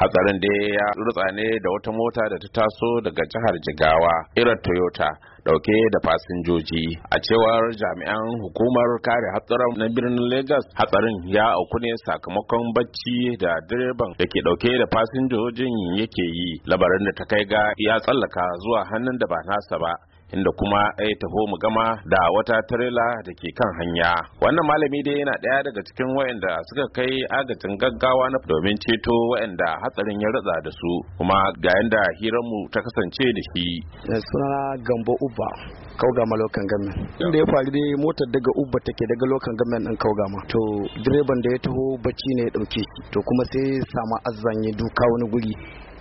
hatsarin da ya rutsa ne da wata mota da ta taso daga jihar jigawa irin toyota dauke da fasinjoji a cewar jami'an hukumar kare hatsarin na birnin lagos hatsarin ya auku ne sakamakon bacci da direban da ke dauke da fasinjojin yake yi labarin da ta kai ga ya tsallaka zuwa hannun da ba nasa ba inda kuma ya taho mu gama da wata trailer da ke kan hanya wannan malami dai yana ɗaya daga cikin wayanda suka kai agajin gaggawa na domin ceto wayanda hatsarin ya ratsa da su kuma ga yanda hirar mu ta kasance da shi eh, suna gambo uba kaugama lokan gamen inda ya faru dai motar daga uba take daga lokan gamen din kaugama to direban da ya taho bacci ne ya ɗauke to kuma sai samu azzan ya duka wani guri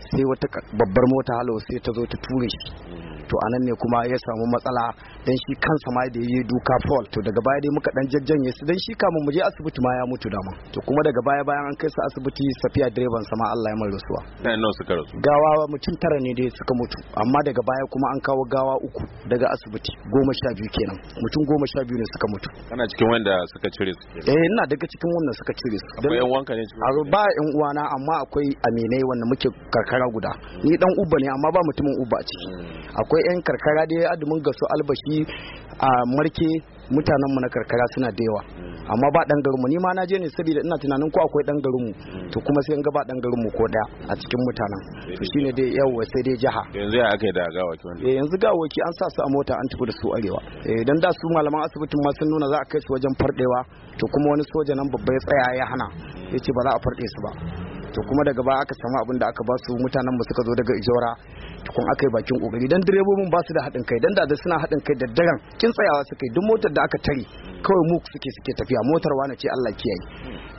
sai wata babbar mota halo sai ta zo ta ture shi to anan ne kuma ya samu matsala dan shi kansa ma da yayi duka fall to daga baya dai muka dan jajjanye su dan shi kamun mu je asibiti ma ya mutu dama to kuma daga baya bayan an kai su asibiti safiya direban sama Allah ya mallaka suwa nan nawa suka rasu gawa mutum tara ne dai suka mutu amma daga baya kuma an kawo gawa uku daga asibiti goma sha biyu kenan mutum goma sha biyu ne suka mutu kana cikin wanda suka cire su eh ina daga cikin wannan suka cire su akwai yan wanka ne A ba yan uwana amma akwai aminai wanda muke karkara guda ni dan uba ne amma ba mutumin uba ce hmm. akwai yan karkara dai adumin gaso albashi shi a marke mutanen mu na karkara suna da yawa mm. amma ba dan garinmu ni ma na je ne saboda ina tunanin ko akwai dan garinmu mm. to kuma sai ga ba dan garinmu ko daya a cikin mutanen to shine dai yau sai dai jaha yanzu ya aka da da ki wanda eh, yanzu an sa su a mota an tafi da su arewa eh dan da su malaman asibitin ma sun nuna za a kai su wajen fardewa to kuma wani soja nan babba ya tsaya ya hana mm. yace ba za a farɗe su ba to kuma daga ba aka samu abin da aka ba su mutanen mu suka zo daga ijora kun aka yi bakin kokari dan direbobin ba su da haɗin kai dan da suna haɗin kai da daren kin tsayawa suka yi duk motar da aka tare kawai mu suke suke tafiya motar wani ce Allah kiyaye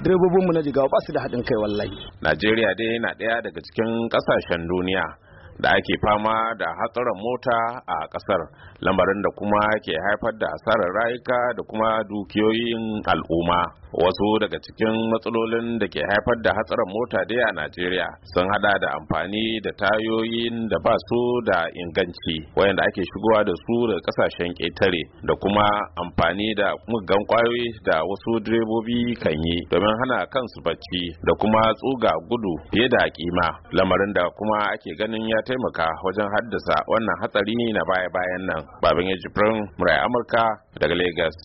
direbobin mu na jigawa ba su da haɗin kai wallahi Najeriya dai yana ɗaya daga cikin ƙasashen duniya da ake fama da hatsarin mota a kasar lamarin da kuma ke haifar da asarar rayuka da kuma dukiyoyin al'umma wasu daga cikin matsalolin da ke haifar da hatsarin mota dai a najeriya sun hada da amfani da tayoyin da ba su da inganci wayanda ake shigowa da su daga kasashen ƙetare da kuma amfani da muggan kwayoyi da wasu direbobi kan yi domin hana kansu bacci da kuma tsuga gudu fiye da kima lamarin da kuma ake ganin ya taimaka wajen haddasa wannan hatsari ne na baya-bayan nan babin ya jibrin murai amurka daga lagos